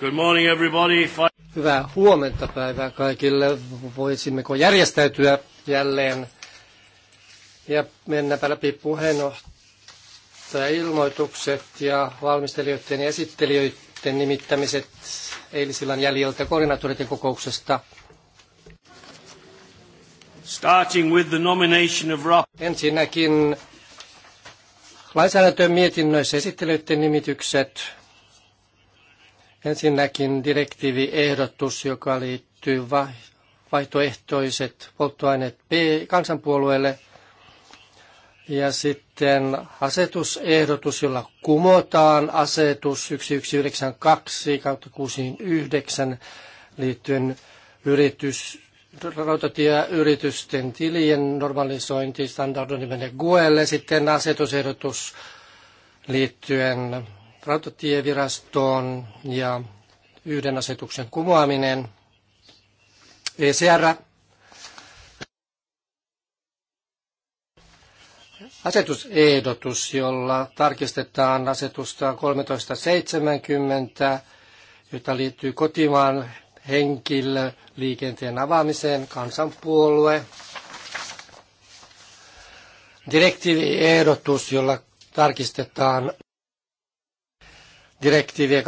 Good morning everybody. Hyvää huomenta päivää kaikille. Voisimmeko järjestäytyä jälleen ja mennäpä läpi puheenjohtaja ilmoitukset ja valmistelijoiden ja esittelijöiden nimittämiset eilisillan jäljiltä koordinaattoreiden kokouksesta. Starting with the nomination of Ensinnäkin lainsäädäntöön mietinnöissä esittelijöiden nimitykset. Ensinnäkin direktiiviehdotus, joka liittyy vaihtoehtoiset polttoaineet kansanpuolueelle ja sitten asetusehdotus, jolla kumotaan asetus 1192 kautta 69 liittyen yritys, rautatieyritysten tilien normalisointi standardoinnille GUElle. Sitten asetusehdotus liittyen rautatievirastoon ja yhden asetuksen kumoaminen. ECR asetusehdotus, jolla tarkistetaan asetusta 1370, jota liittyy kotimaan henkilöliikenteen avaamiseen, kansanpuolue. Direktiiviehdotus, jolla tarkistetaan direktiiviä 2012-34,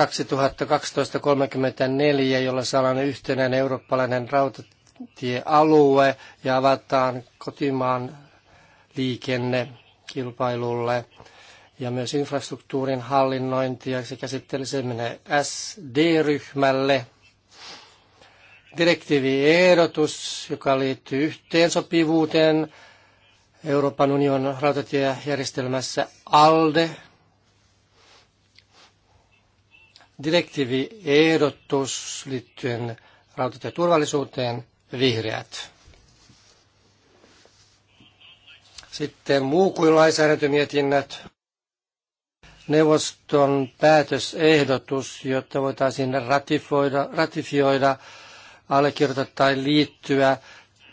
jolla saadaan yhtenäinen eurooppalainen rautatiealue ja avataan kotimaan liikenne kilpailulle ja myös infrastruktuurin hallinnointia sekä sitten se menee SD-ryhmälle. Direktiiviehdotus, joka liittyy yhteensopivuuteen Euroopan unionin rautatiejärjestelmässä ALDE direktiiviehdotus liittyen rautatieturvallisuuteen vihreät. Sitten muu kuin lainsäädäntömietinnät, neuvoston päätösehdotus, jotta voitaisiin ratifioida ratifioida, allekirjoittaa tai liittyä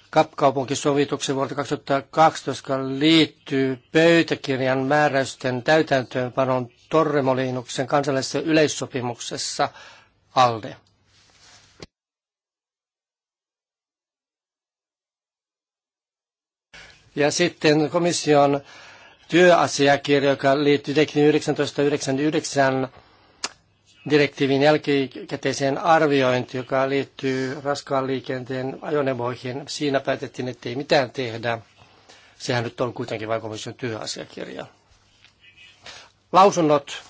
kapkaupunkisovituksen vuodelta 2012, joka liittyy pöytäkirjan määräysten täytäntöönpanon Torremolinuksen kansallisessa yleissopimuksessa ALDE. Ja sitten komission työasiakirja, joka liittyy Teknin 1999 direktiivin jälkikäteiseen arviointiin, joka liittyy raskaan liikenteen ajoneuvoihin. Siinä päätettiin, että ei mitään tehdä. Sehän nyt on kuitenkin vain komission työasiakirja lausunnot,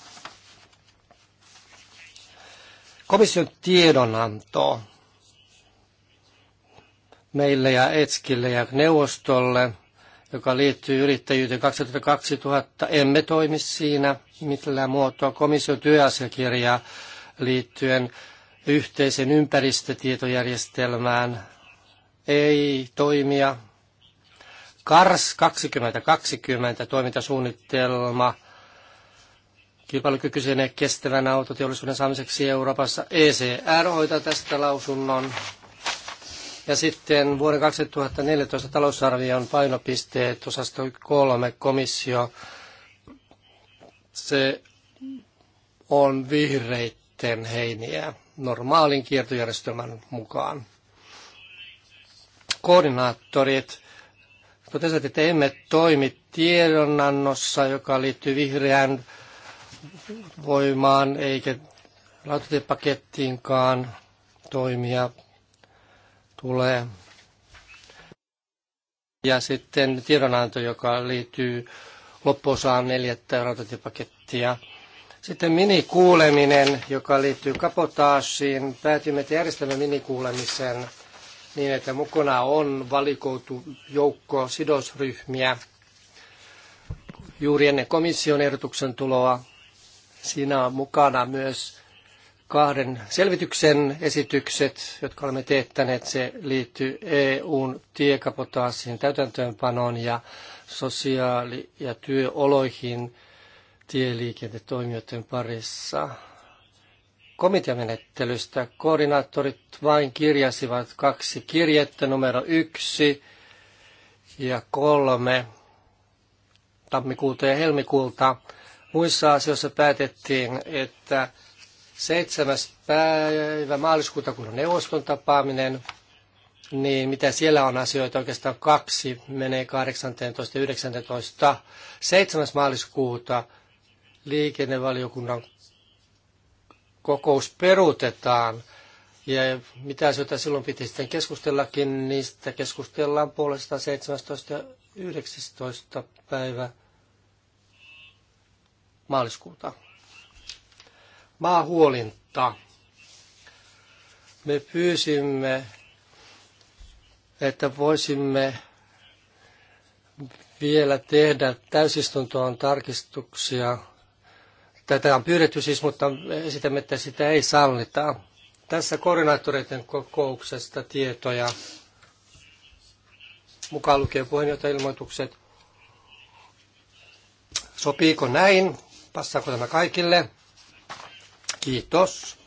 komission tiedonanto meille ja Etskille ja neuvostolle, joka liittyy yrittäjyyteen 2020. Emme toimi siinä millään muotoa. Komission työasiakirja liittyen yhteisen ympäristötietojärjestelmään ei toimia. KARS 2020 toimintasuunnitelma kilpailukykyisen ja kestävän autoteollisuuden saamiseksi Euroopassa. ECR hoitaa tästä lausunnon. Ja sitten vuoden 2014 talousarvion painopisteet osasto 3 komissio. Se on vihreitten heiniä normaalin kiertojärjestelmän mukaan. Koordinaattorit totesivat, että emme toimi tiedonannossa, joka liittyy vihreään voimaan eikä rautatiepakettiinkaan toimia tulee. Ja sitten tiedonanto, joka liittyy loppuosaan neljättä rautatiepakettia. Sitten minikuuleminen, joka liittyy kapotaasiin. Päätimme, että järjestämme minikuulemisen niin, että mukana on valikoitu joukko sidosryhmiä juuri ennen komission ehdotuksen tuloa Siinä on mukana myös kahden selvityksen esitykset, jotka olemme teettäneet. Se liittyy EUn tiekapotaasien täytäntöönpanoon ja sosiaali- ja työoloihin tieliikennetoimijoiden parissa. Komiteamenettelystä koordinaattorit vain kirjasivat kaksi kirjettä, numero yksi ja kolme tammikuulta ja helmikuulta Muissa asioissa päätettiin, että 7. päivä maaliskuuta, kun on neuvoston tapaaminen, niin mitä siellä on asioita, oikeastaan kaksi menee 18 ja 19. 7. maaliskuuta liikennevaliokunnan kokous perutetaan Ja mitä asioita silloin piti sitten keskustellakin, niistä keskustellaan puolestaan 17 ja 19. päivä maaliskuuta. Maahuolinta. Me pyysimme, että voisimme vielä tehdä täysistuntoon tarkistuksia. Tätä on pyydetty siis, mutta esitämme, että sitä ei sallita. Tässä koordinaattoreiden kokouksesta tietoja, mukaan lukee puheenjohtajan ilmoitukset. Sopiiko näin? Passaako tämä kaikille? Kiitos.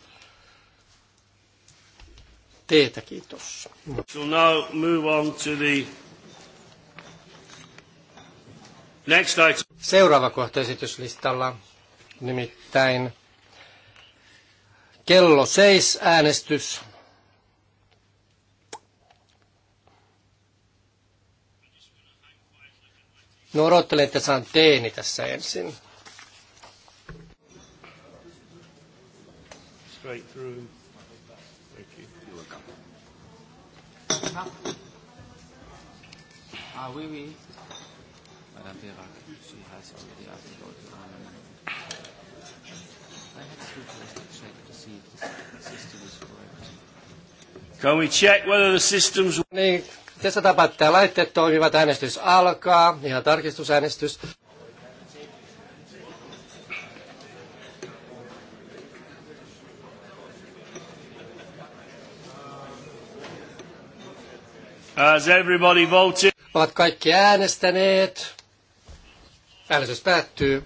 Teetä kiitos. So now move on to the next item. Seuraava kohta esityslistalla, nimittäin kello seis äänestys. No odottelen, että saan teeni tässä ensin. straight through. Thank you. You're welcome. Ah. ah, oui, oui. Madame Verac, she has already asked about the amendment. I have to check to see if the system is correct. Can we check whether the system's... Niin, tässä testataanpa, että laitteet toimivat. Äänestys alkaa. Ihan tarkistusäänestys. Has everybody voted? Ovat kaikki äänestäneet. Äänestys päättyy.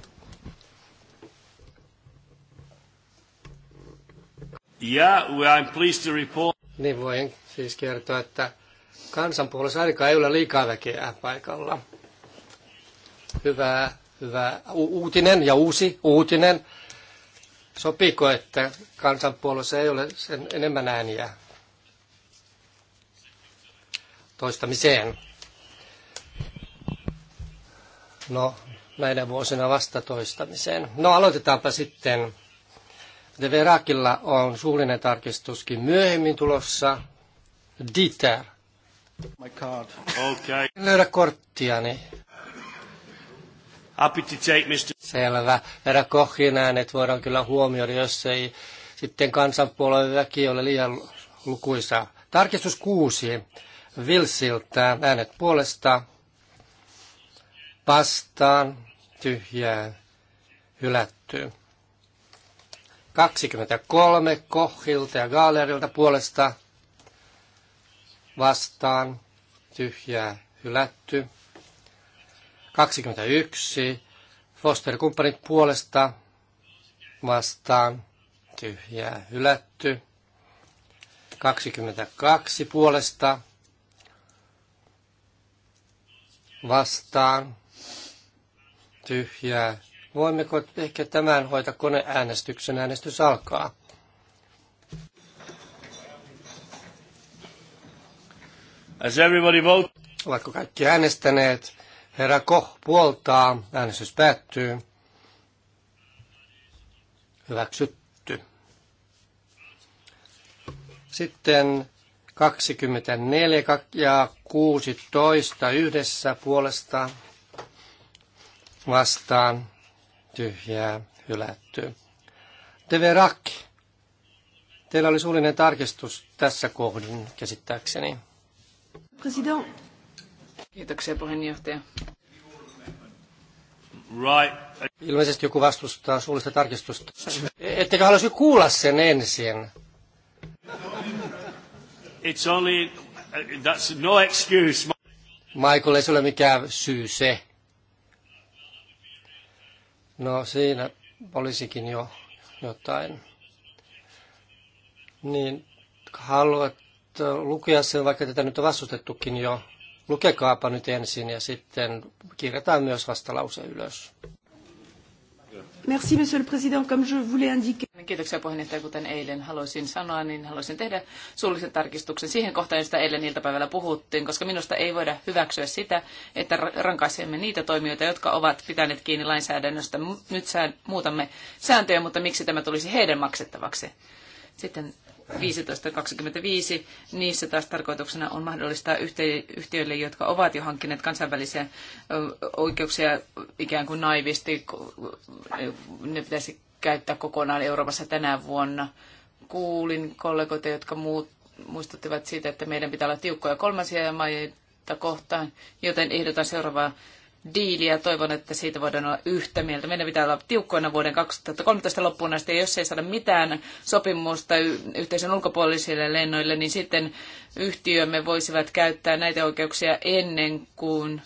Yeah, we are pleased to report. Niin voin siis kertoa, että kansanpuolessa ainakaan ei ole liikaa väkeä paikalla. Hyvä, hyvä U- uutinen ja uusi uutinen. Sopiiko, että kansanpuolessa ei ole sen enemmän ääniä? toistamiseen. No, näinä vuosina vasta toistamiseen. No, aloitetaanpa sitten. de Verakilla on suullinen tarkistuskin myöhemmin tulossa. Dieter. My card. Okay. En löydä korttiani. Happy to take, Mr. Selvä. Herra Kohin äänet voidaan kyllä huomioida, jos ei sitten kansanpuolueen väki ole liian lukuisa. Tarkistus kuusi Vilsiltä äänet puolesta vastaan tyhjää hylätty. 23 Kohilta ja Gaalerilta puolesta vastaan tyhjää hylätty. 21 Foster-kumppanit puolesta vastaan tyhjää hylätty. 22 puolesta vastaan, tyhjää. Voimmeko ehkä tämän hoita koneäänestyksen? Äänestys alkaa. As everybody vote. Ovatko kaikki äänestäneet? Herra Koh puoltaa. Äänestys päättyy. Hyväksytty. Sitten 24 ja 16 yhdessä puolesta vastaan tyhjää hylätty. Deverak, teillä oli suullinen tarkistus tässä kohdin käsittääkseni. President. Kiitoksia puheenjohtaja. Right. Ilmeisesti joku vastustaa suullista tarkistusta. E- Ettekö haluaisi kuulla sen ensin? It's only, uh, that's no excuse. Michael, ei se ole mikään syy se. No siinä olisikin jo jotain. Niin haluat äh, lukea sen, vaikka tätä nyt on vastustettukin jo. Lukekaapa nyt ensin ja sitten kirjataan myös vastalause ylös. Merci, monsieur le président. Comme je vous l'ai indiqué. Kiitoksia puheenjohtaja. Kuten eilen haluaisin sanoa, niin halusin tehdä suullisen tarkistuksen siihen kohtaan, josta eilen iltapäivällä puhuttiin, koska minusta ei voida hyväksyä sitä, että rankaisemme niitä toimijoita, jotka ovat pitäneet kiinni lainsäädännöstä. Nyt muutamme sääntöjä, mutta miksi tämä tulisi heidän maksettavaksi? Sitten 15.25. Niissä taas tarkoituksena on mahdollistaa yhtiöille, jotka ovat jo hankkineet kansainvälisiä oikeuksia ikään kuin naivisti. Ne pitäisi käyttää kokonaan Euroopassa tänä vuonna. Kuulin kollegoita, jotka muut muistuttivat siitä, että meidän pitää olla tiukkoja kolmansia maita kohtaan, joten ehdotan seuraavaa diili ja toivon, että siitä voidaan olla yhtä mieltä. Meidän pitää olla tiukkoina vuoden 2013 loppuun asti ja jos ei saada mitään sopimusta yhteisön ulkopuolisille lennoille, niin sitten yhtiömme voisivat käyttää näitä oikeuksia ennen kuin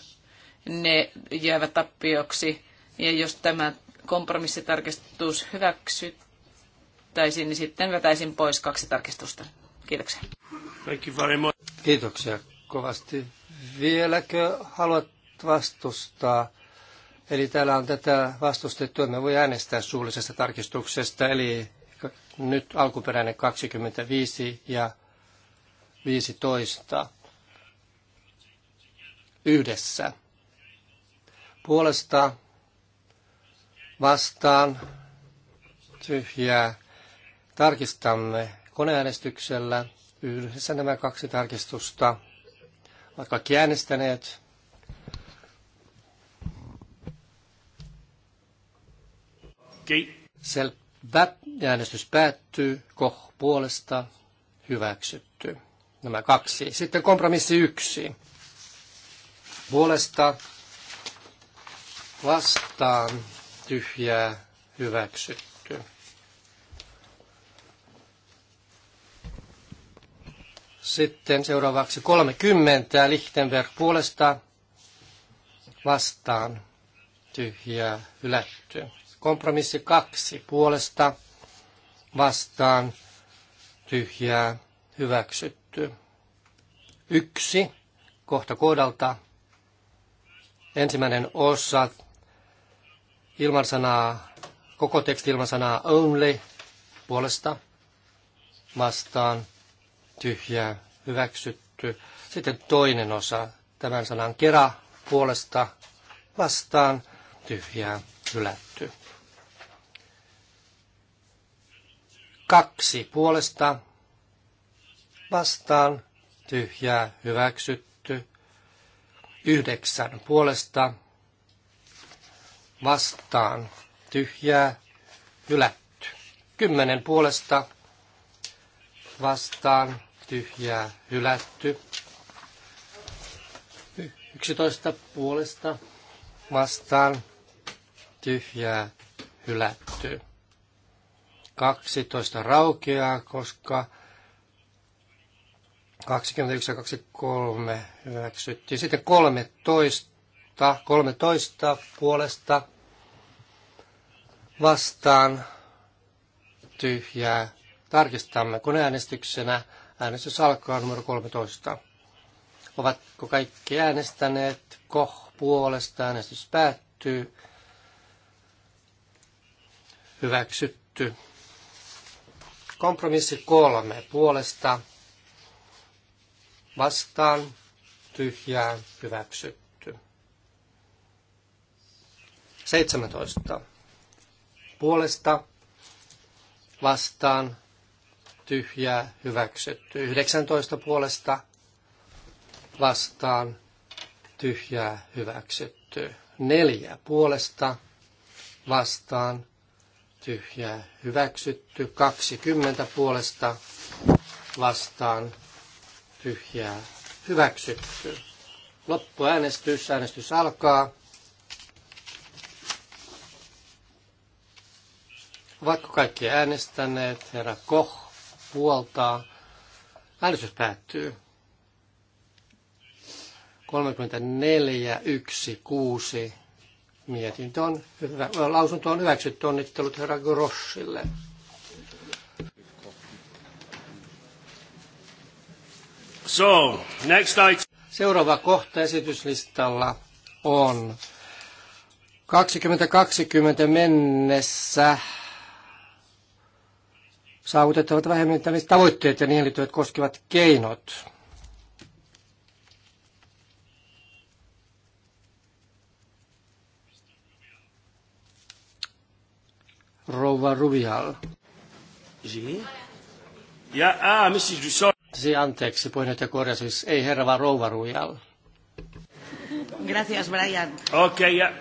ne jäävät tappioksi. Ja jos tämä kompromissitarkistus hyväksyttäisiin, niin sitten vetäisin pois kaksi tarkistusta. Kiitoksia. Thank you very much. Kiitoksia kovasti. Vieläkö haluat vastustaa. Eli täällä on tätä vastustettu, että me voi äänestää suullisesta tarkistuksesta, eli nyt alkuperäinen 25 ja 15 yhdessä. Puolesta vastaan tyhjää tarkistamme koneäänestyksellä yhdessä nämä kaksi tarkistusta. Ovat kaikki äänestäneet. Ki. Selvä. Äänestys päättyy. Koh puolesta. Hyväksytty. Nämä kaksi. Sitten kompromissi yksi. Puolesta vastaan tyhjää hyväksytty. Sitten seuraavaksi 30 Lichtenberg puolesta vastaan tyhjää hylätty. Kompromissi kaksi puolesta vastaan tyhjää hyväksytty. Yksi kohta kohdalta ensimmäinen osa ilman sanaa, koko teksti ilman sanaa only puolesta vastaan tyhjää hyväksytty. Sitten toinen osa tämän sanan kera puolesta vastaan tyhjää hylätty. kaksi puolesta vastaan tyhjää hyväksytty. Yhdeksän puolesta vastaan tyhjää hylätty. Kymmenen puolesta vastaan tyhjää hylätty. Yksitoista puolesta vastaan tyhjää hylätty. 12 raukeaa, koska 21 ja 23 hyväksyttiin. Sitten 13, 13 puolesta vastaan tyhjää. Tarkistamme kun äänestyksenä Äänestys alkaa numero 13. Ovatko kaikki äänestäneet? Koh puolesta äänestys päättyy. Hyväksytty. Kompromissi kolme puolesta vastaan tyhjää hyväksytty. 17. Puolesta vastaan tyhjää hyväksytty. 19 puolesta vastaan tyhjää hyväksytty. 4 puolesta vastaan hylätty ja hyväksytty. 20 puolesta vastaan tyhjää hyväksytty. Loppuäänestys. Äänestys alkaa. Ovatko kaikki äänestäneet? Herra Koch puoltaa. Äänestys päättyy. 34, 1, 6 Mietintö on hyvä, lausunto on hyväksytty. Onnittelut herra Grossille. So, next item. Seuraava kohta esityslistalla on 2020 mennessä saavutettavat tavoitteet ja niihin liittyvät koskevat keinot. rouva Rubial. Ja, ah, Mrs. Dusson. Si, anteeksi, puheenjohtaja korjasi, siis ei herra, vaan rouva Rubial. Gracias, Brian. Okei, okay, ja...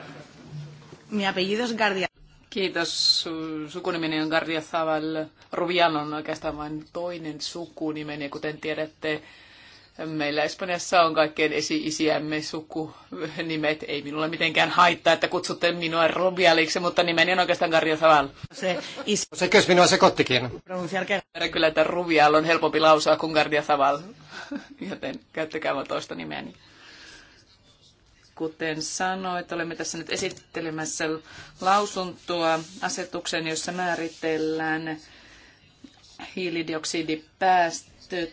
Mi apellido es Guardia. Kiitos. Sukunimeni on Gardia Zaval. Rubial on oikeastaan vain toinen sukunimeni, kuten tiedätte. Meillä Espanjassa on kaikkien esi-isiämme sukunimet. Ei minulla mitenkään haittaa, että kutsutte minua Rubialiksi, mutta nimeni on oikeastaan Karjo Saval. Se, is- se kes minua se kottikin. Kyllä, että Rubial on helpompi lausua kuin Karjo Saval, joten käyttäkää vaan toista nimeäni. Kuten sanoit, olemme tässä nyt esittelemässä lausuntoa asetuksen, jossa määritellään hiilidioksidipäästöt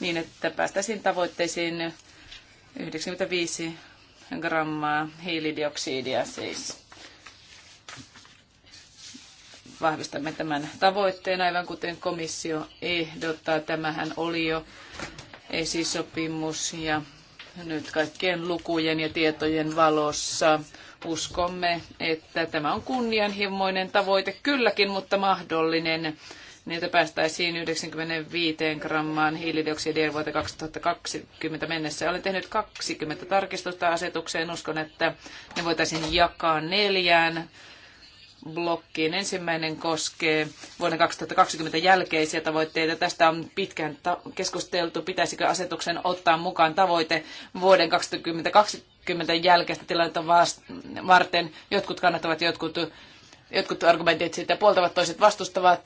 niin, että päästäisiin tavoitteisiin 95 grammaa hiilidioksidia siis. Vahvistamme tämän tavoitteen, aivan kuten komissio ehdottaa. Tämähän oli jo esisopimus ja nyt kaikkien lukujen ja tietojen valossa uskomme, että tämä on kunnianhimoinen tavoite kylläkin, mutta mahdollinen niitä päästäisiin 95 grammaan hiilidioksidia vuoteen 2020 mennessä. Olen tehnyt 20 tarkistusta asetukseen. Uskon, että ne voitaisiin jakaa neljään blokkiin. Ensimmäinen koskee vuoden 2020 jälkeisiä tavoitteita. Tästä on pitkään keskusteltu, pitäisikö asetuksen ottaa mukaan tavoite vuoden 2020 jälkeistä tilannetta varten. Jotkut kannattavat, jotkut, jotkut argumentit siitä puoltavat, toiset vastustavat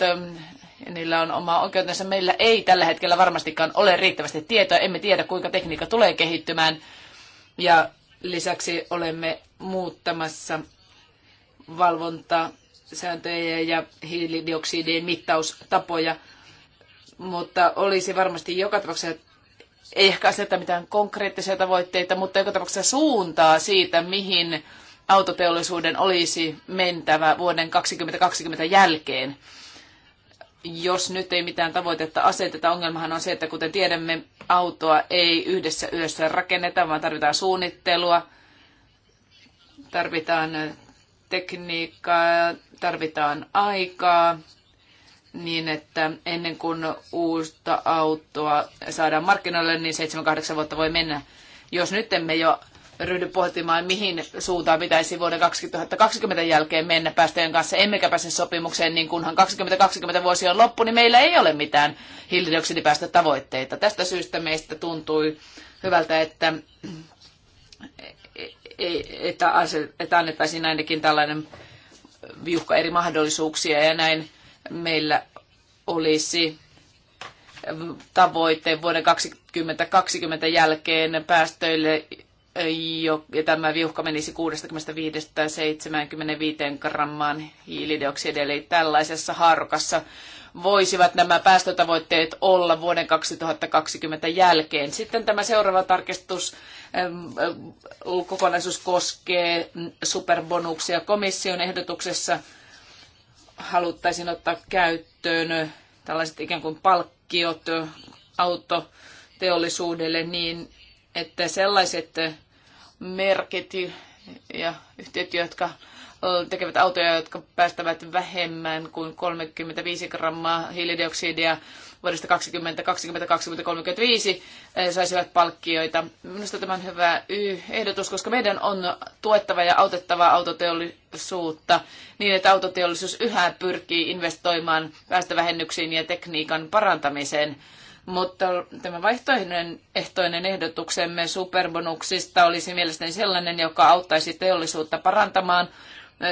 ja niillä on oma oikeutensa. Meillä ei tällä hetkellä varmastikaan ole riittävästi tietoa, emme tiedä kuinka tekniikka tulee kehittymään ja lisäksi olemme muuttamassa valvontasääntöjä ja hiilidioksidien mittaustapoja, mutta olisi varmasti joka tapauksessa ei ehkä aseta mitään konkreettisia tavoitteita, mutta joka tapauksessa suuntaa siitä, mihin autoteollisuuden olisi mentävä vuoden 2020 jälkeen jos nyt ei mitään tavoitetta aseteta, ongelmahan on se, että kuten tiedämme, autoa ei yhdessä yössä rakenneta, vaan tarvitaan suunnittelua, tarvitaan äh, tekniikkaa, tarvitaan aikaa, niin että ennen kuin uutta autoa saadaan markkinoille, niin 7-8 vuotta voi mennä. Jos nyt emme jo ryhdy pohtimaan, mihin suuntaan pitäisi vuoden 2020 jälkeen mennä päästöjen kanssa, emmekä pääse sopimukseen, niin kunhan 2020 vuosi on loppu, niin meillä ei ole mitään hiilidioksidipäästötavoitteita. Tästä syystä meistä tuntui hyvältä, että, että, että annettaisiin ainakin tällainen viuhka eri mahdollisuuksia ja näin meillä olisi tavoite vuoden 2020 jälkeen päästöille jo, ja tämä viuhka menisi 65-75 grammaan hiilidioksidia, eli tällaisessa haarukassa voisivat nämä päästötavoitteet olla vuoden 2020 jälkeen. Sitten tämä seuraava tarkistus ähm, äh, kokonaisuus koskee superbonuksia. Komission ehdotuksessa haluttaisiin ottaa käyttöön tällaiset ikään kuin palkkiot autoteollisuudelle niin, että sellaiset merkit ja yhtiöt, jotka tekevät autoja, jotka päästävät vähemmän kuin 35 grammaa hiilidioksidia vuodesta 2020, 2020 35 saisivat palkkioita. Minusta tämä on hyvä ehdotus, koska meidän on tuettava ja autettava autoteollisuutta niin, että autoteollisuus yhä pyrkii investoimaan päästövähennyksiin ja tekniikan parantamiseen mutta tämä vaihtoehtoinen ehtoinen ehdotuksemme superbonuksista olisi mielestäni sellainen, joka auttaisi teollisuutta parantamaan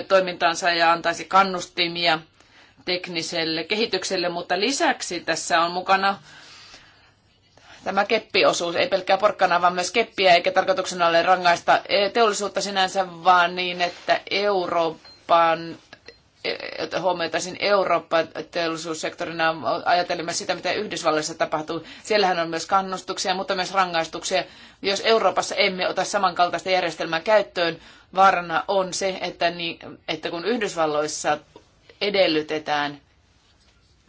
toimintaansa ja antaisi kannustimia tekniselle kehitykselle, mutta lisäksi tässä on mukana tämä keppiosuus, ei pelkkää porkkana, vaan myös keppiä, eikä tarkoituksena ole rangaista e, teollisuutta sinänsä, vaan niin, että Euroopan että huomioitaisiin Eurooppa teollisuussektorina ajatellen sitä, mitä Yhdysvalloissa tapahtuu. Siellähän on myös kannustuksia, mutta myös rangaistuksia. Jos Euroopassa emme ota samankaltaista järjestelmää käyttöön, vaarana on se, että, niin, että kun Yhdysvalloissa edellytetään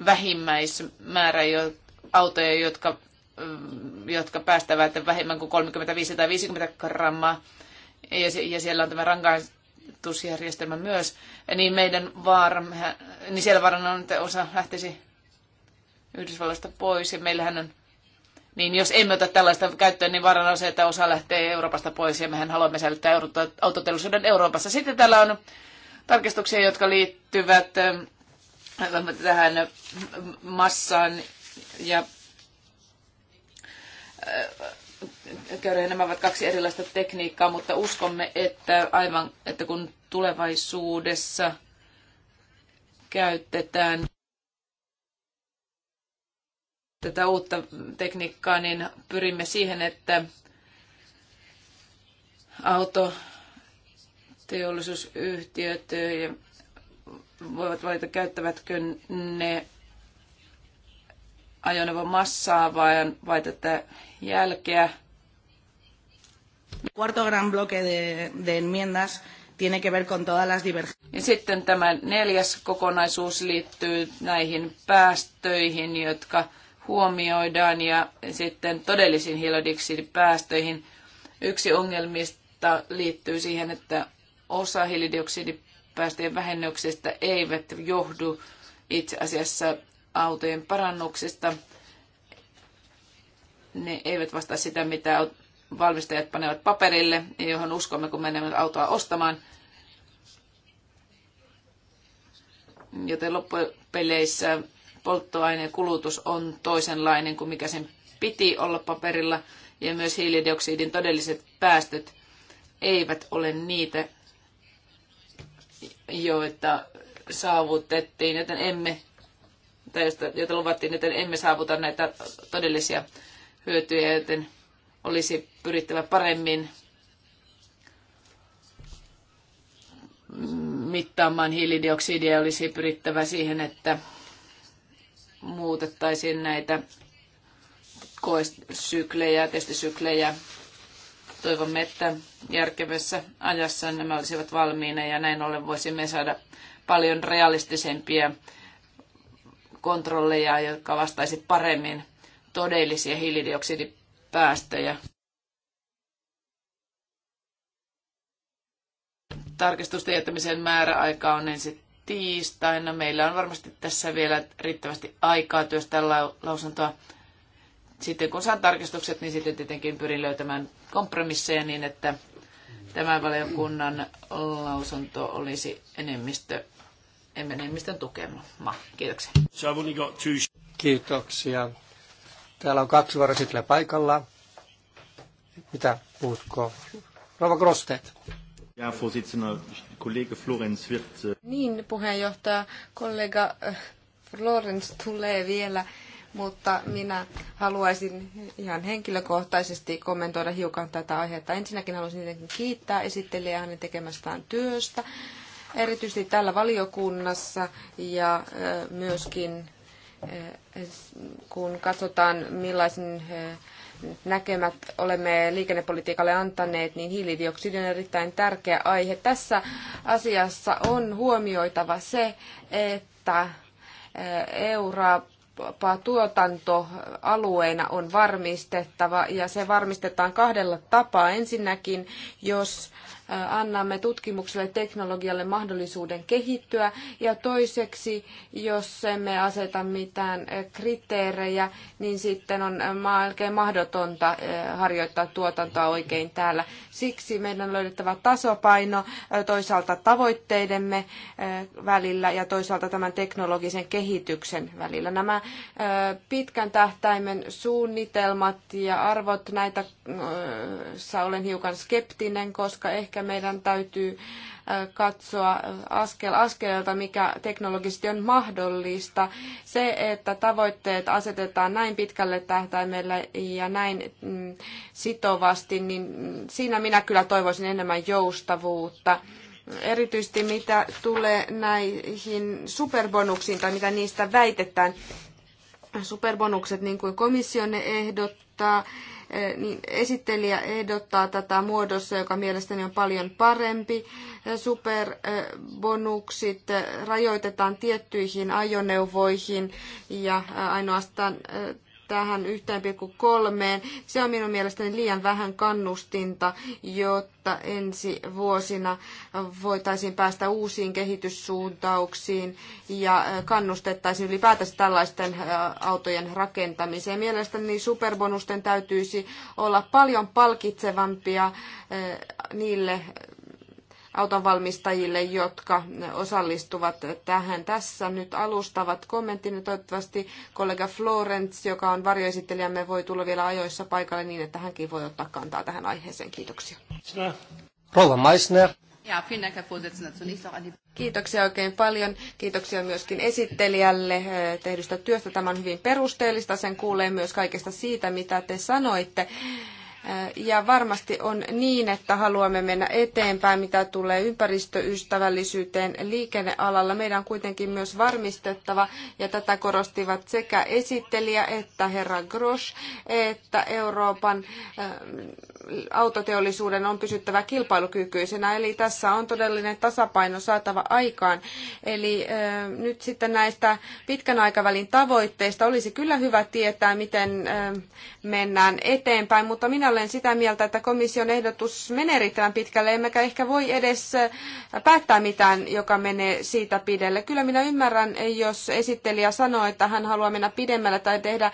vähimmäismäärä autoja, jotka, jotka päästävät vähemmän kuin 35 tai 50 grammaa, ja, siellä on tämä tutkimusjärjestelmä myös, niin meidän vaara, niin siellä vaarana on, että osa lähtisi Yhdysvalloista pois, ja meillähän on niin jos emme ota tällaista käyttöön, niin vaarana on se, että osa lähtee Euroopasta pois ja mehän haluamme säilyttää autoteollisuuden Euroopassa. Sitten täällä on tarkistuksia, jotka liittyvät äh, tähän äh, massaan ja äh, käydä. Nämä ovat kaksi erilaista tekniikkaa, mutta uskomme, että, aivan, että kun tulevaisuudessa käytetään tätä uutta tekniikkaa, niin pyrimme siihen, että autoteollisuusyhtiöt voivat valita, käyttävätkö ne ajoneuvon massaa vai, vai tätä jälkeä. Cuarto gran bloque de, de enmiendas tiene que ver con todas las divergencias. Sitten tämä neljäs kokonaisuus liittyy näihin päästöihin, jotka huomioidaan ja sitten todellisiin hiilidioksidipäästöihin. Yksi ongelmista liittyy siihen, että osa hiilidioksidipäästöjen vähennyksistä eivät johdu itse asiassa autojen parannuksista. Ne eivät vastaa sitä, mitä valmistajat panevat paperille ja johon uskomme, kun menemme autoa ostamaan. Joten loppupeleissä polttoaineen kulutus on toisenlainen kuin mikä sen piti olla paperilla ja myös hiilidioksidin todelliset päästöt eivät ole niitä, joita saavutettiin, joten emme, tai joita luvattiin, joten emme saavuta näitä todellisia hyötyjä, joten olisi pyrittävä paremmin mittaamaan hiilidioksidia, olisi pyrittävä siihen, että muutettaisiin näitä koesyklejä, testisyklejä. Toivomme, että järkevässä ajassa nämä olisivat valmiina ja näin ollen voisimme saada paljon realistisempia kontrolleja, jotka vastaisivat paremmin todellisia hiilidioksidipäästöjä päästöjä. Tarkistustietämisen jättämisen määräaika on ensi tiistaina. Meillä on varmasti tässä vielä riittävästi aikaa työstää lausuntoa. Sitten kun saan tarkistukset, niin sitten tietenkin pyrin löytämään kompromisseja niin, että tämän valiokunnan lausunto olisi enemmistö, enemmistön tukema. Kiitoksia. Kiitoksia. Täällä on kaksi varasitellä paikalla. Mitä puhutko? Rova Grosteet. Ja, Vorsitzender, Kollege wird... Äh, niin, puheenjohtaja, kollega äh, Florence tulee vielä, mutta minä haluaisin ihan henkilökohtaisesti kommentoida hiukan tätä aihetta. Ensinnäkin haluaisin kiittää esittelijää hänen tekemästään työstä, erityisesti täällä valiokunnassa ja äh, myöskin kun katsotaan millaisen eh, näkemät olemme liikennepolitiikalle antaneet, niin hiilidioksidi on erittäin tärkeä aihe. Tässä asiassa on huomioitava se, että eh, Eurooppa tuotantoalueena on varmistettava ja se varmistetaan kahdella tapaa. Ensinnäkin, jos annamme tutkimukselle teknologialle mahdollisuuden kehittyä ja toiseksi, jos emme aseta mitään kriteerejä, niin sitten on melkein mahdotonta harjoittaa tuotantoa oikein täällä. Siksi meidän on löydettävä tasapaino toisaalta tavoitteidemme välillä ja toisaalta tämän teknologisen kehityksen välillä. Nämä pitkän tähtäimen suunnitelmat ja arvot, näitä olen hiukan skeptinen, koska ehkä ehkä meidän täytyy katsoa askel askeleelta, mikä teknologisesti on mahdollista. Se, että tavoitteet asetetaan näin pitkälle tähtäimelle ja näin mm, sitovasti, niin siinä minä kyllä toivoisin enemmän joustavuutta erityisesti mitä tulee näihin superbonuksiin tai mitä niistä väitetään. Superbonukset, niin kuin komissio ne ehdottaa, niin esittelijä ehdottaa tätä muodossa, joka mielestäni on paljon parempi. Superbonukset rajoitetaan tiettyihin ajoneuvoihin ja ainoastaan tähän 1,3. Se on minun mielestäni liian vähän kannustinta, jotta ensi vuosina voitaisiin päästä uusiin kehityssuuntauksiin ja kannustettaisiin ylipäätänsä tällaisten autojen rakentamiseen. Mielestäni superbonusten täytyisi olla paljon palkitsevampia niille autonvalmistajille, jotka osallistuvat tähän. Tässä nyt alustavat kommenttini. Toivottavasti kollega Florence, joka on varjoesittelijämme, voi tulla vielä ajoissa paikalle niin, että hänkin voi ottaa kantaa tähän aiheeseen. Kiitoksia. Rova Meissner. Kiitoksia oikein paljon. Kiitoksia myöskin esittelijälle eh, tehdystä työstä. Tämä on hyvin perusteellista. Sen kuulee myös kaikesta siitä, mitä te sanoitte. Ja varmasti on niin, että haluamme mennä eteenpäin, mitä tulee ympäristöystävällisyyteen liikennealalla. Meidän on kuitenkin myös varmistettava, ja tätä korostivat sekä esittelijä että herra Grosch, että Euroopan autoteollisuuden on pysyttävä kilpailukykyisenä. Eli tässä on todellinen tasapaino saatava aikaan. Eli nyt sitten näistä pitkän aikavälin tavoitteista olisi kyllä hyvä tietää, miten mennään eteenpäin, mutta minä olen sitä mieltä, että komission ehdotus menee riittävän pitkälle, emmekä ehkä voi edes äh, päättää mitään, joka menee siitä pidelle. Kyllä minä ymmärrän, jos esittelijä sanoo, että hän haluaa mennä pidemmälle tai tehdä äh,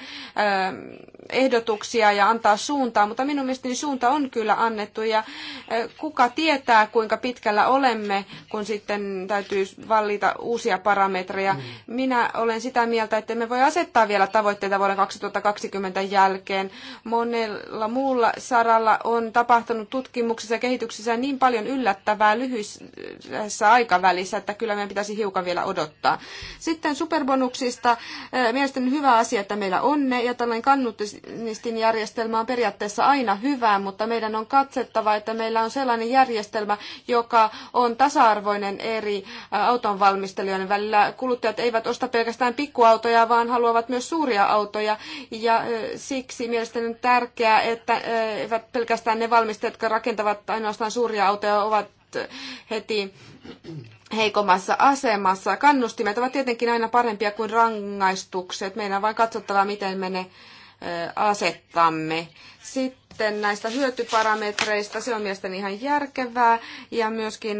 ehdotuksia ja antaa suuntaa, mutta minun mielestäni suunta on kyllä annettu ja eh, kuka tietää, kuinka pitkällä olemme, kun sitten täytyy valita uusia parametreja. Mm. Minä olen sitä mieltä, että me voi asettaa vielä tavoitteita vuoden 2020 jälkeen. Monella muulla saralla on tapahtunut tutkimuksissa ja kehityksessä niin paljon yllättävää lyhyessä aikavälissä, että kyllä meidän pitäisi hiukan vielä odottaa. Sitten superbonuksista. Eh, mielestäni hyvä asia, että meillä on ne ja tällainen kannustus. Listin järjestelmä on periaatteessa aina hyvä, mutta meidän on katsettava, että meillä on sellainen järjestelmä, joka on tasa-arvoinen eri äh, autonvalmistelijoiden välillä. Kuluttajat eivät osta pelkästään pikkuautoja, vaan haluavat myös suuria autoja. Ja äh, siksi mielestäni on tärkeää, että äh, eivät pelkästään ne valmistajat, jotka rakentavat ainoastaan suuria autoja, ovat heti heikommassa asemassa. Kannustimet ovat tietenkin aina parempia kuin rangaistukset. Meidän on vain katsottava, miten me ne asettamme Sitten näistä hyötyparametreista, se on mielestäni ihan järkevää ja myöskin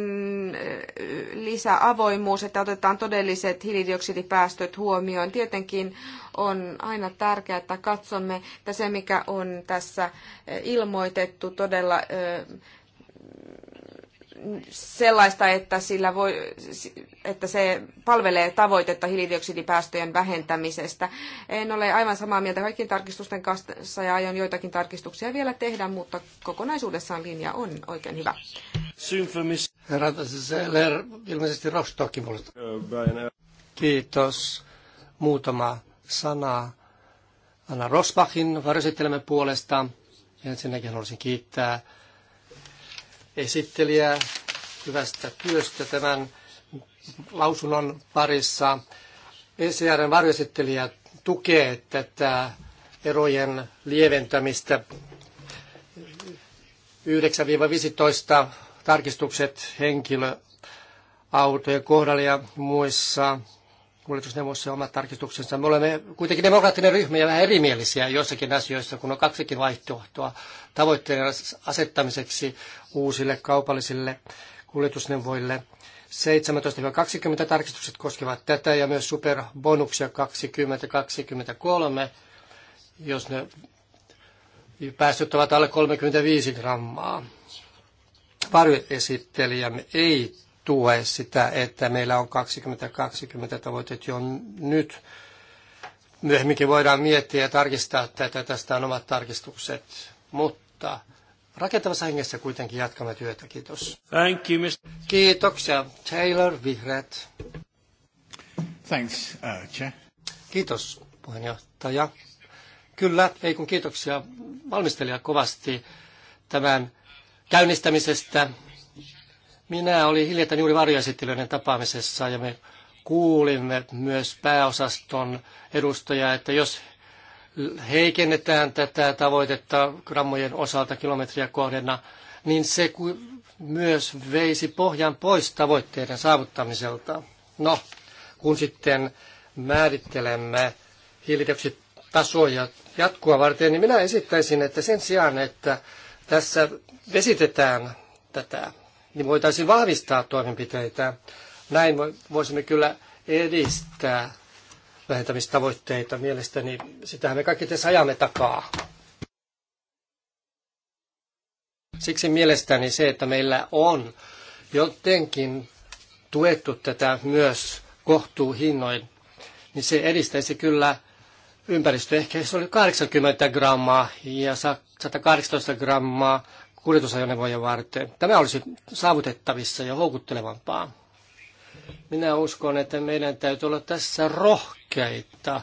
lisäavoimuus, että otetaan todelliset hiilidioksidipäästöt huomioon. Tietenkin on aina tärkeää, että katsomme, että se mikä on tässä ilmoitettu todella sellaista, että, sillä voi, että se palvelee tavoitetta hiilidioksidipäästöjen vähentämisestä. En ole aivan samaa mieltä kaikkien tarkistusten kanssa ja aion joitakin tarkistuksia vielä tehdä, mutta kokonaisuudessaan linja on oikein hyvä. Symfomis. Herra Zeller, ilmeisesti Rostockin puolesta. Kiitos. Muutama sana Anna Rosbachin varjoesittelemme puolesta. Ensinnäkin haluaisin kiittää esittelijää hyvästä työstä tämän lausunnon parissa. ECRn varjoesittelijä tukee tätä erojen lieventämistä. 9-15 tarkistukset henkilöautojen kohdalla ja muissa kuljetusneuvossa omat tarkistuksensa. Me olemme kuitenkin demokraattinen ryhmä ja vähän erimielisiä joissakin asioissa, kun on kaksikin vaihtoehtoa tavoitteiden asettamiseksi uusille kaupallisille kuljetusneuvoille. 17-20 tarkistukset koskevat tätä ja myös superbonuksia 20-23, jos ne päästöt ovat alle 35 grammaa. Varjoesittelijämme ei tue sitä, että meillä on 2020 tavoitteet jo nyt. Myöhemminkin voidaan miettiä ja tarkistaa tätä, tästä on omat tarkistukset, mutta rakentavassa hengessä kuitenkin jatkamme työtä. Kiitos. Thank you, Mr. Kiitoksia. Taylor, vihreät. Thanks, uh, Chair. Kiitos, puheenjohtaja. Kyllä, ei kun kiitoksia valmistelija kovasti tämän käynnistämisestä minä olin hiljattain juuri varjoesittelyiden tapaamisessa ja me kuulimme myös pääosaston edustajaa, että jos heikennetään tätä tavoitetta grammojen osalta kilometriä kohdena, niin se myös veisi pohjan pois tavoitteiden saavuttamiselta. No, kun sitten määrittelemme hiilidioksitasoja jatkua varten, niin minä esittäisin, että sen sijaan, että tässä vesitetään tätä niin voitaisiin vahvistaa toimenpiteitä. Näin voisimme kyllä edistää vähentämistavoitteita. Mielestäni sitähän me kaikki tässä ajamme takaa. Siksi mielestäni se, että meillä on jotenkin tuettu tätä myös kohtuuhinnoin, niin se edistäisi kyllä ympäristö. Ehkä se oli 80 grammaa ja 118 grammaa kuljetusajoneuvoja varten. Tämä olisi saavutettavissa ja houkuttelevampaa. Minä uskon, että meidän täytyy olla tässä rohkeita,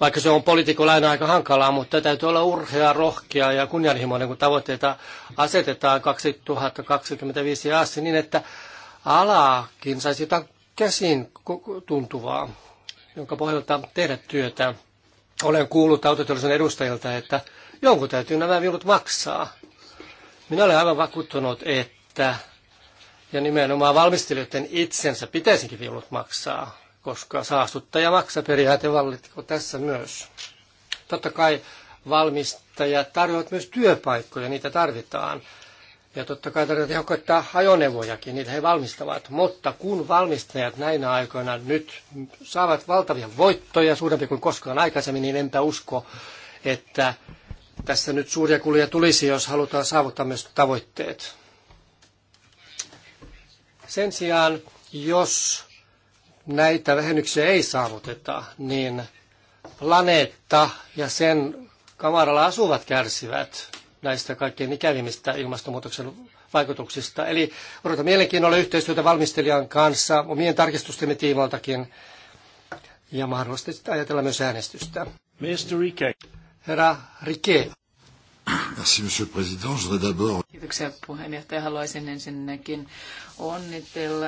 vaikka se on poliitikolla aina aika hankalaa, mutta täytyy olla urhea, rohkea ja kunnianhimoinen, kun tavoitteita asetetaan 2025 asti niin, että alaakin saisi jotain käsin tuntuvaa, jonka pohjalta tehdä työtä. Olen kuullut autoteollisuuden edustajilta, että jonkun täytyy nämä viulut maksaa. Minä olen aivan vakuuttunut, että ja nimenomaan valmistelijoiden itsensä pitäisikin viulut maksaa, koska saastuttaja maksaa periaate vallitko tässä myös. Totta kai valmistajat tarjoavat myös työpaikkoja, niitä tarvitaan. Ja totta kai tarvitaan tehokkaita ajoneuvojakin, niitä he valmistavat. Mutta kun valmistajat näinä aikoina nyt saavat valtavia voittoja, suurempi kuin koskaan aikaisemmin, niin enpä usko, että tässä nyt suuria kuluja tulisi, jos halutaan saavuttaa myös tavoitteet. Sen sijaan, jos näitä vähennyksiä ei saavuteta, niin planeetta ja sen kamaralla asuvat kärsivät näistä kaikkein ikävimmistä ilmastonmuutoksen vaikutuksista. Eli odotan mielenkiinnolla yhteistyötä valmistelijan kanssa, omien tarkistustemme tiimoiltakin, ja mahdollisesti ajatella myös äänestystä. Mr. Herra Rike. Merci, monsieur le président. Je d'abord... Kiitoksia puheenjohtaja. Haluaisin ensinnäkin onnitella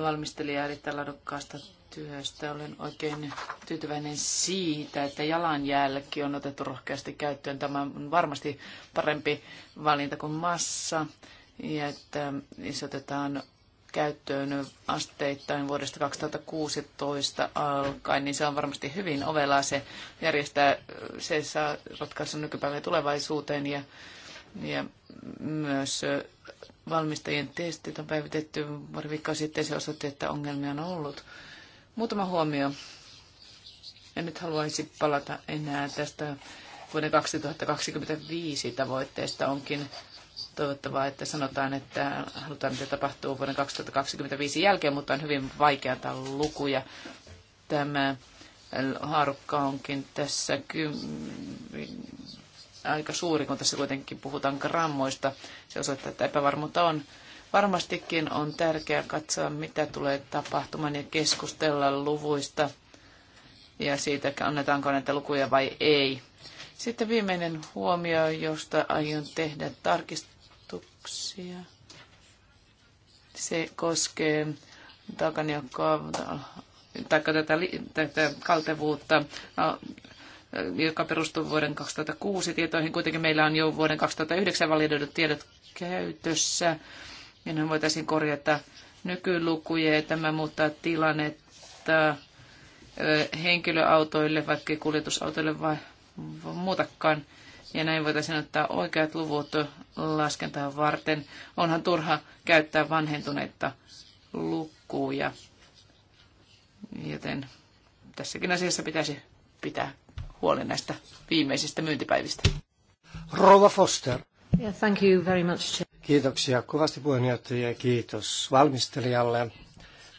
valmistelijaa erittäin laadukkaasta työstä. Olen oikein tyytyväinen siitä, että jalanjälki on otettu rohkeasti käyttöön. Tämä on varmasti parempi valinta kuin massa ja että se otetaan käyttöön asteittain vuodesta 2016 alkaen, niin se on varmasti hyvin ovelaa se järjestää, se saa ratkaisun nykypäivän tulevaisuuteen ja, ja myös valmistajien testit on päivitetty pari viikkoa sitten, se osoitti, että ongelmia on ollut. Muutama huomio. En nyt haluaisi palata enää tästä vuoden 2025 tavoitteesta onkin toivottavaa, että sanotaan, että halutaan, mitä tapahtuu vuoden 2025 jälkeen, mutta on hyvin vaikeata lukuja. Tämä haarukka onkin tässä ky- aika suuri, kun tässä kuitenkin puhutaan grammoista. Se osoittaa, että epävarmuutta on. Varmastikin on tärkeää katsoa, mitä tulee tapahtumaan ja keskustella luvuista ja siitä, annetaanko näitä lukuja vai ei. Sitten viimeinen huomio, josta aion tehdä tarkistuksen ajatuksia. Se koskee taakanjakoa tai tätä, tätä kaltevuutta, no, joka perustuu vuoden 2006 tietoihin. Kuitenkin meillä on jo vuoden 2009 validoidut tiedot käytössä, ja ne voitaisiin korjata nykylukuja, ja tämä muuttaa tilannetta henkilöautoille, vaikka kuljetusautoille vai muutakaan ja näin voitaisiin ottaa oikeat luvut laskentaan varten. Onhan turha käyttää vanhentuneita lukuja, joten tässäkin asiassa pitäisi pitää huoli näistä viimeisistä myyntipäivistä. Rova Foster. Yeah, thank you very much. Kiitoksia kovasti puheenjohtaja ja kiitos valmistelijalle.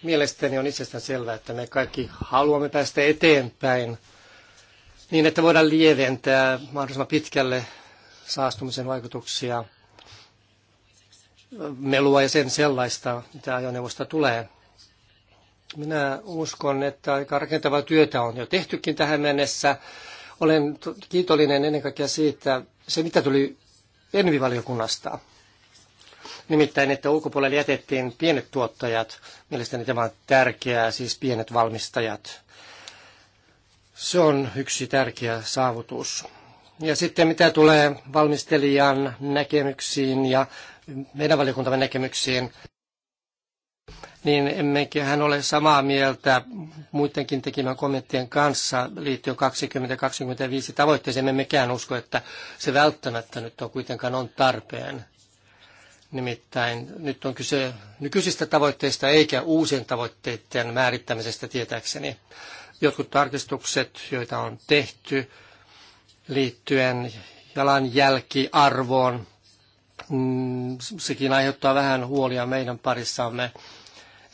Mielestäni on itsestään selvää, että me kaikki haluamme päästä eteenpäin – niin, että voidaan lieventää mahdollisimman pitkälle saastumisen vaikutuksia, melua ja sen sellaista, mitä ajoneuvosta tulee. Minä uskon, että aika rakentavaa työtä on jo tehtykin tähän mennessä. Olen kiitollinen ennen kaikkea siitä, se mitä tuli Envivaliokunnasta. Nimittäin, että ulkopuolelle jätettiin pienet tuottajat. Mielestäni tämä on tärkeää, siis pienet valmistajat. Se on yksi tärkeä saavutus. Ja sitten mitä tulee valmistelijan näkemyksiin ja meidän valiokuntamme näkemyksiin, niin hän ole samaa mieltä muidenkin tekemän kommenttien kanssa liittyen 2025 tavoitteeseen. Me mekään usko, että se välttämättä nyt on kuitenkaan on tarpeen. Nimittäin nyt on kyse nykyisistä tavoitteista eikä uusien tavoitteiden määrittämisestä tietääkseni. Jotkut tarkistukset, joita on tehty liittyen jalanjälkiarvoon, mm, sekin aiheuttaa vähän huolia meidän parissamme,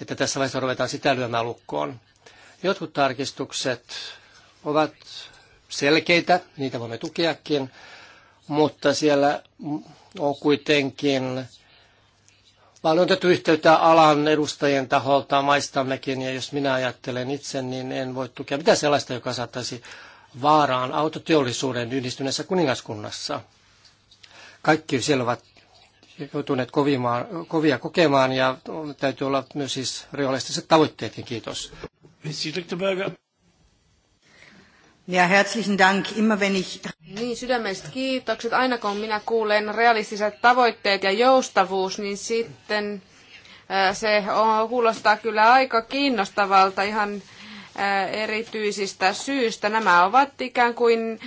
että tässä vaiheessa ruvetaan sitä lyömään lukkoon. Jotkut tarkistukset ovat selkeitä, niitä voimme tukeakin, mutta siellä on kuitenkin paljon otettu yhteyttä alan edustajien taholta maistammekin, ja jos minä ajattelen itse, niin en voi tukea mitä sellaista, joka saattaisi vaaraan autoteollisuuden yhdistyneessä kuningaskunnassa. Kaikki siellä ovat joutuneet kovimaan, kovia kokemaan, ja täytyy olla myös siis realistiset tavoitteetkin. Kiitos. Ja herzlichen Dank. Immer wenn ich... Niin, sydämestä kiitokset. Aina kun minä kuulen realistiset tavoitteet ja joustavuus, niin sitten äh, se kuulostaa kyllä aika kiinnostavalta ihan äh, erityisistä syistä. Nämä ovat ikään kuin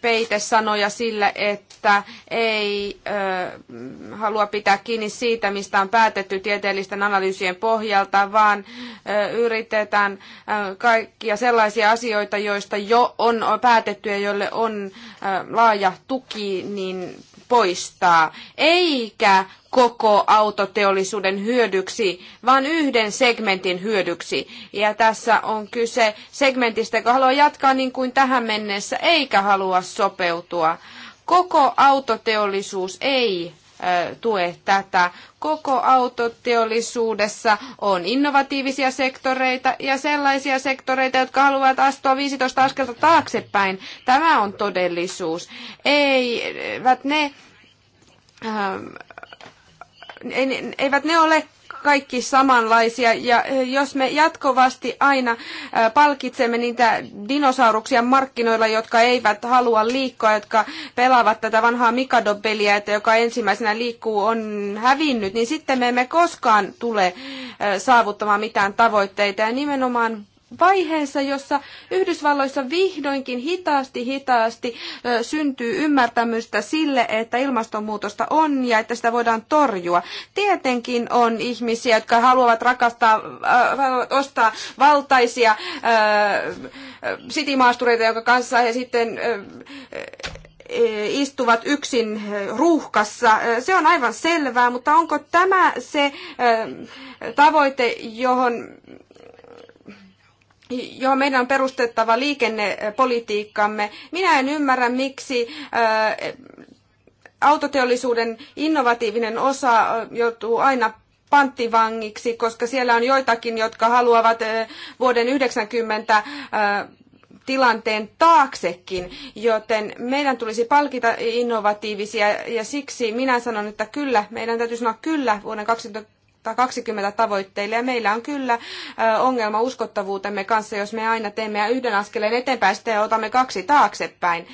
peitesanoja sille, että ei ö, halua pitää kiinni siitä, mistä on päätetty tieteellisten analyysien pohjalta, vaan ö, yritetään ö, kaikkia sellaisia asioita, joista jo on päätetty ja joille on ö, laaja tuki, niin poistaa, eikä koko autoteollisuuden hyödyksi, vaan yhden segmentin hyödyksi. Ja tässä on kyse segmentistä, joka haluaa jatkaa niin kuin tähän mennessä, eikä halua sopeutua. Koko autoteollisuus ei tue tätä. Koko autoteollisuudessa on innovatiivisia sektoreita ja sellaisia sektoreita, jotka haluavat astua 15 askelta taaksepäin. Tämä on todellisuus. Eivät ne, ähm, eivät ne ole kaikki samanlaisia. Ja eh, jos me jatkuvasti aina eh, palkitsemme niitä dinosauruksia markkinoilla, jotka eivät halua liikkua, jotka pelaavat tätä vanhaa Mikado-peliä, että joka ensimmäisenä liikkuu, on hävinnyt, niin sitten me emme koskaan tule eh, saavuttamaan mitään tavoitteita. Ja nimenomaan vaiheessa, jossa Yhdysvalloissa vihdoinkin hitaasti hitaasti syntyy ymmärtämystä sille, että ilmastonmuutosta on ja että sitä voidaan torjua. Tietenkin on ihmisiä, jotka haluavat rakastaa, haluavat ostaa valtaisia äh, sitimaastureita, jonka kanssa he sitten istuvat yksin ruuhkassa. Se on aivan selvää, mutta onko tämä se tavoite, johon johon meidän on perustettava liikennepolitiikkamme. Minä en ymmärrä, miksi äh, autoteollisuuden innovatiivinen osa äh, joutuu aina panttivangiksi, koska siellä on joitakin, jotka haluavat äh, vuoden 90 tilanteen taaksekin, joten meidän tulisi palkita innovatiivisia ja siksi minä sanon, että kyllä, meidän täytyy sanoa kyllä vuoden 20 2020 tavoitteille. Ja meillä on kyllä ongelma uskottavuutemme kanssa, jos me aina teemme yhden askeleen eteenpäin, sitten otamme kaksi taaksepäin.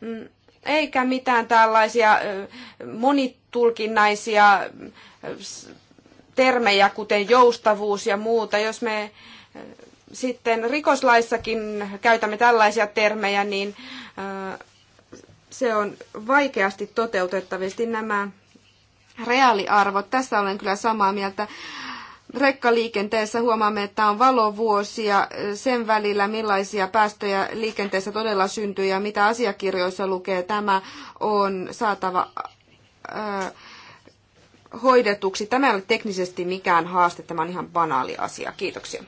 Mm, eikä mitään tällaisia monitulkinnaisia termejä, kuten joustavuus ja muuta. Jos me sitten rikoslaissakin käytämme tällaisia termejä, niin se on vaikeasti toteutettavasti nämä reaaliarvot. Tässä olen kyllä samaa mieltä. Rekkaliikenteessä huomaamme, että on valovuosia sen välillä, millaisia päästöjä liikenteessä todella syntyy ja mitä asiakirjoissa lukee. Tämä on saatava äh, hoidetuksi. Tämä ei ole teknisesti mikään haaste, tämä on ihan banaali asia. Kiitoksia.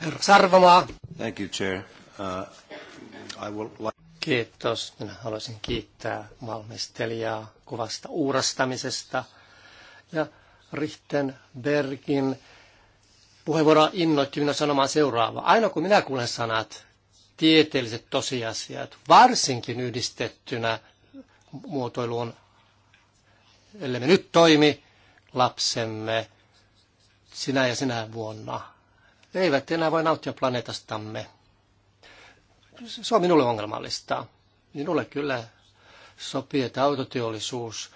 Herra Sarvamaa. Thank you, Chair. Uh, I will like... Kiitos. Minä haluaisin kiittää valmistelijaa kuvasta uurastamisesta ja Richtenbergin puheenvuoroa innoitti minua sanomaan seuraava. Aina kun minä kuulen sanat, tieteelliset tosiasiat, varsinkin yhdistettynä muotoiluun, ellei me nyt toimi, lapsemme sinä ja sinä vuonna. Eivät enää voi nauttia planeetastamme se on minulle ongelmallista. Minulle kyllä sopii, että autoteollisuus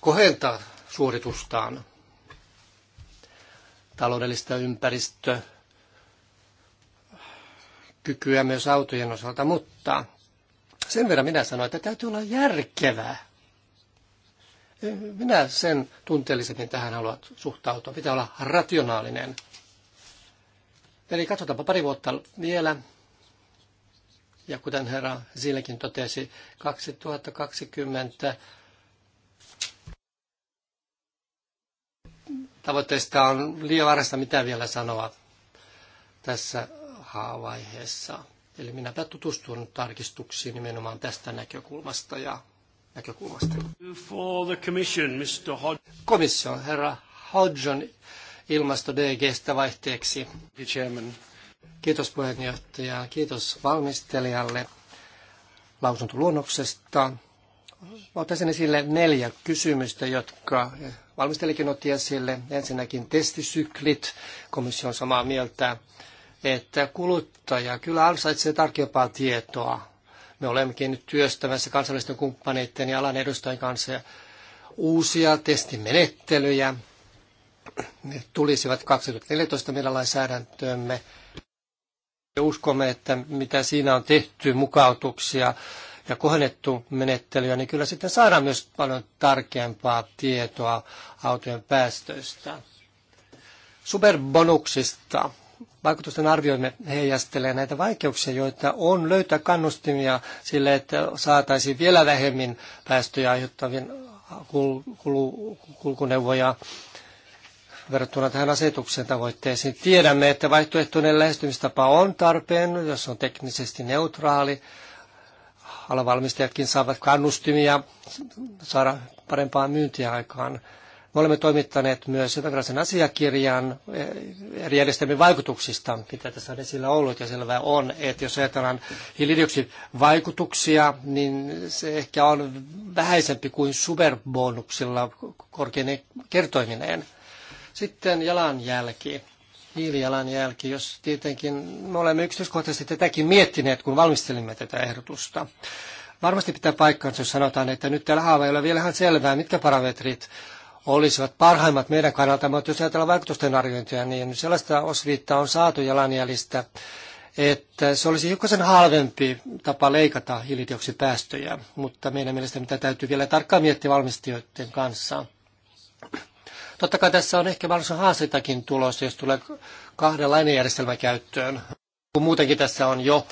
kohentaa suoritustaan taloudellista ympäristö kykyä myös autojen osalta, mutta sen verran minä sanoin, että täytyy olla järkevää. Minä sen tunteellisemmin tähän haluan suhtautua. Pitää olla rationaalinen. Eli katsotaanpa pari vuotta vielä, ja kuten herra Zillekin totesi, 2020 tavoitteista on liian varasta mitä vielä sanoa tässä haavaiheessa. Eli minäpä tutustun tarkistuksiin nimenomaan tästä näkökulmasta ja näkökulmasta. For the commission, Mr. Hod- Komission herra Hodgson ilmasto DGstä vaihteeksi. chairman. Kiitos puheenjohtaja, kiitos valmistelijalle lausuntoluonnoksesta. Ottaisin esille neljä kysymystä, jotka valmistelikin otti esille. Ensinnäkin testisyklit. Komissio on samaa mieltä, että kuluttaja kyllä ansaitsee tarkempaa tietoa. Me olemmekin nyt työstämässä kansallisten kumppaneiden ja alan edustajien kanssa uusia testimenettelyjä. Ne tulisivat 2014 meidän lainsäädäntöömme ja uskomme, että mitä siinä on tehty, mukautuksia ja kohennettu menettelyä, niin kyllä sitten saadaan myös paljon tarkempaa tietoa autojen päästöistä. Superbonuksista. Vaikutusten arvioimme heijastelee näitä vaikeuksia, joita on löytää kannustimia sille, että saataisiin vielä vähemmän päästöjä aiheuttavien kul- Kul- kulkuneuvoja verrattuna tähän asetuksen tavoitteeseen. Tiedämme, että vaihtoehtoinen lähestymistapa on tarpeen, jos on teknisesti neutraali. Alavalmistajatkin saavat kannustimia saada parempaa myyntiä aikaan. Me olemme toimittaneet myös jotakinlaisen asiakirjan eri järjestelmien vaikutuksista, mitä tässä on esillä ollut, ja selvää on, että jos ajatellaan vaikutuksia, niin se ehkä on vähäisempi kuin superbonuksilla korkeinen kertoimineen. Sitten jalanjälki, hiilijalanjälki, jos tietenkin me olemme yksityiskohtaisesti tätäkin miettineet, kun valmistelimme tätä ehdotusta. Varmasti pitää paikkaansa, jos sanotaan, että nyt täällä haava ei ole vielä ihan selvää, mitkä parametrit olisivat parhaimmat meidän kannalta, mutta jos ajatellaan vaikutusten arviointia, niin sellaista osviittaa on saatu jalanjäljistä, että se olisi hiukkasen halvempi tapa leikata hiilidioksipäästöjä, mutta meidän mielestä mitä täytyy vielä tarkkaan miettiä valmistijoiden kanssa. Totta kai tässä on ehkä mahdollisuus haasteitakin tulossa, jos tulee kahdenlainen järjestelmä käyttöön. Kun muutenkin tässä on jo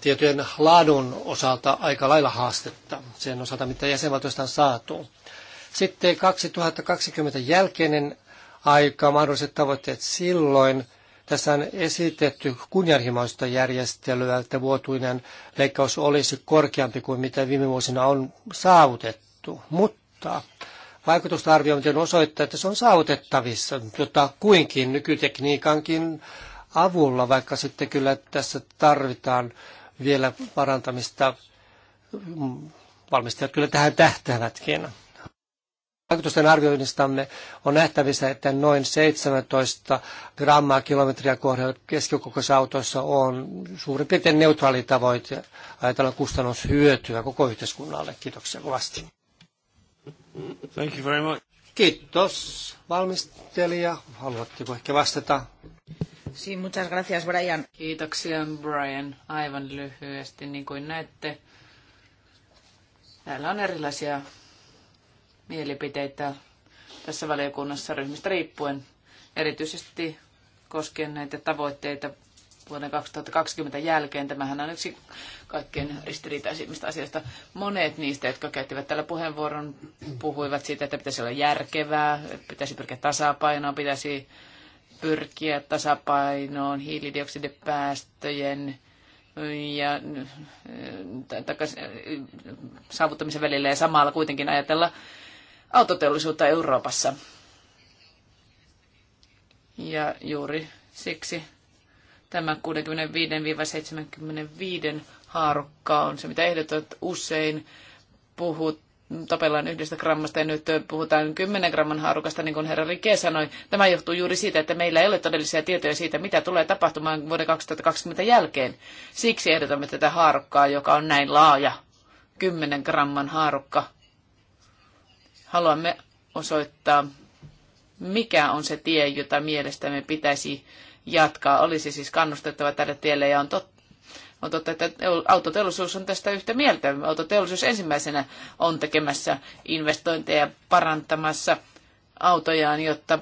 tietyn laadun osalta aika lailla haastetta sen osalta, mitä jäsenvaltioista on saatu. Sitten 2020 jälkeinen aika, mahdolliset tavoitteet silloin. Tässä on esitetty kunnianhimoista järjestelyä, että vuotuinen leikkaus olisi korkeampi kuin mitä viime vuosina on saavutettu. Mutta vaikutusarviointi on osoittaa, että se on saavutettavissa, jota kuinkin nykytekniikankin avulla, vaikka sitten kyllä tässä tarvitaan vielä parantamista. Mm, valmistajat kyllä tähän tähtävätkin. Vaikutusten arvioinnistamme on nähtävissä, että noin 17 grammaa kilometriä kohdalla keskikokoisessa autossa on suurin piirtein neutraali tavoite ajatella kustannushyötyä koko yhteiskunnalle. Kiitoksia kovasti. Thank you very much. Kiitos valmistelija. Haluatteko ehkä vastata? Sí, muchas gracias, Brian. Kiitoksia, Brian. Aivan lyhyesti, niin kuin näette. Täällä on erilaisia mielipiteitä tässä valiokunnassa ryhmistä riippuen, erityisesti koskien näitä tavoitteita vuoden 2020 jälkeen. Tämähän on yksi kaikkein ristiriitaisimmista asioista. Monet niistä, jotka käyttivät tällä puheenvuoron, puhuivat siitä, että pitäisi olla järkevää, pitäisi pyrkiä tasapainoon, pitäisi pyrkiä tasapainoon hiilidioksidipäästöjen ja äh, saavuttamisen välillä ja samalla kuitenkin ajatella autoteollisuutta Euroopassa. Ja juuri siksi Tämä 65-75 haarukka on se, mitä ehdotat usein. Puhut, tapellaan yhdestä grammasta ja nyt puhutaan 10 gramman haarukasta, niin kuin herra Rike sanoi. Tämä johtuu juuri siitä, että meillä ei ole todellisia tietoja siitä, mitä tulee tapahtumaan vuoden 2020 jälkeen. Siksi ehdotamme tätä haarukkaa, joka on näin laaja. 10 gramman haarukka. Haluamme osoittaa, mikä on se tie, jota mielestämme pitäisi jatkaa. Olisi siis kannustettava tälle tielle ja on totta. On totta, että autoteollisuus on tästä yhtä mieltä. Autoteollisuus ensimmäisenä on tekemässä investointeja parantamassa autojaan, jotta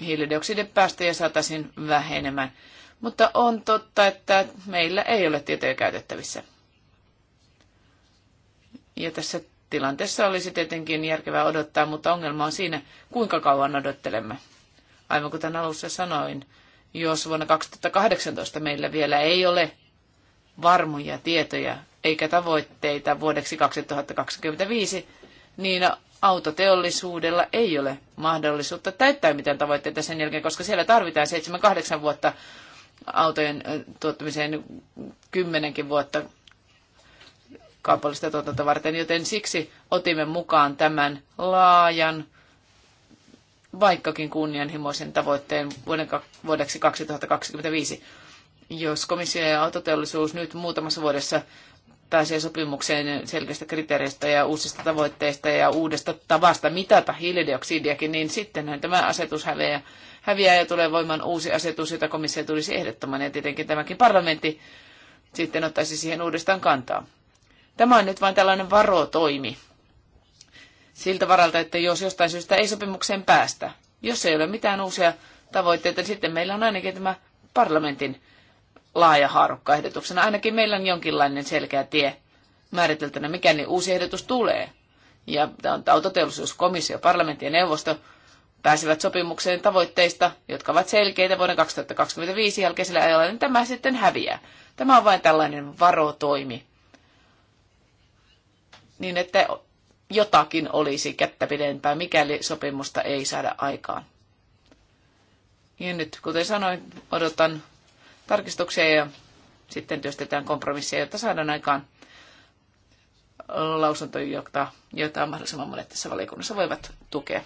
hiilidioksidin päästöjä saataisiin vähenemään. Mutta on totta, että meillä ei ole tietoja käytettävissä. Ja tässä tilanteessa olisi tietenkin järkevää odottaa, mutta ongelma on siinä, kuinka kauan odottelemme. Aivan kuten alussa sanoin, jos vuonna 2018 meillä vielä ei ole varmoja tietoja eikä tavoitteita vuodeksi 2025, niin autoteollisuudella ei ole mahdollisuutta täyttää mitään tavoitteita sen jälkeen, koska siellä tarvitaan 7-8 vuotta autojen tuottamiseen kymmenenkin vuotta kaupallista tuotantoa varten, joten siksi otimme mukaan tämän laajan vaikkakin kunnianhimoisen tavoitteen vuoden, vuodeksi 2025. Jos komissio ja autoteollisuus nyt muutamassa vuodessa pääsee sopimukseen selkeistä kriteereistä ja uusista tavoitteista ja uudesta tavasta mitata hiilidioksidiakin, niin sittenhän tämä asetus häviää, häviää ja tulee voimaan uusi asetus, jota komissio tulisi ehdottamaan ja tietenkin tämäkin parlamentti sitten ottaisi siihen uudestaan kantaa. Tämä on nyt vain tällainen varotoimi siltä varalta, että jos jostain syystä ei sopimukseen päästä, jos ei ole mitään uusia tavoitteita, niin sitten meillä on ainakin tämä parlamentin laaja haarukka ehdotuksena. Ainakin meillä on jonkinlainen selkeä tie määriteltynä, mikä niin uusi ehdotus tulee. Ja on autoteollisuuskomissio, parlamentti ja neuvosto pääsevät sopimukseen tavoitteista, jotka ovat selkeitä vuoden 2025 jälkeisellä ajalla, niin tämä sitten häviää. Tämä on vain tällainen varotoimi. Niin, että jotakin olisi kättä pidempää, mikäli sopimusta ei saada aikaan. Ja nyt, kuten sanoin, odotan tarkistuksia ja sitten työstetään kompromissia, jotta saadaan aikaan lausuntoja, jota, mahdollisimman monet tässä valiokunnassa voivat tukea.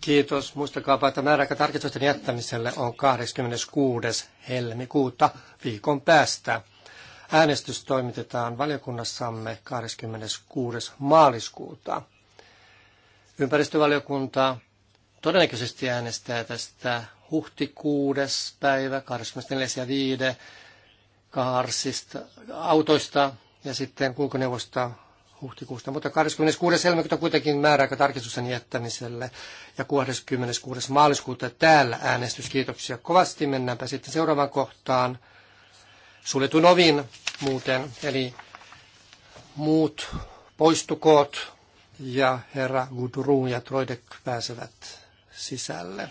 Kiitos. Muistakaa, että määräaika tarkistusten jättämiselle on 26. helmikuuta viikon päästä. Äänestys toimitetaan valiokunnassamme 26. maaliskuuta. Ympäristövaliokunta todennäköisesti äänestää tästä huhtikuudes päivä 24.5. ja kaarsista, autoista ja sitten kulkuneuvosta huhtikuusta, mutta 26. helmikuuta kuitenkin määrääkö tarkistuksen jättämiselle ja 26. maaliskuuta täällä äänestys. Kiitoksia kovasti. Mennäänpä sitten seuraavaan kohtaan. Suljetun ovin muuten, eli muut poistukoot ja herra Gudrun ja Troidek pääsevät sisälle.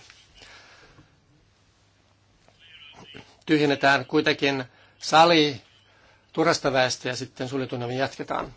Tyhjennetään kuitenkin sali turhasta väestä ja sitten suljetunnelmin jatketaan.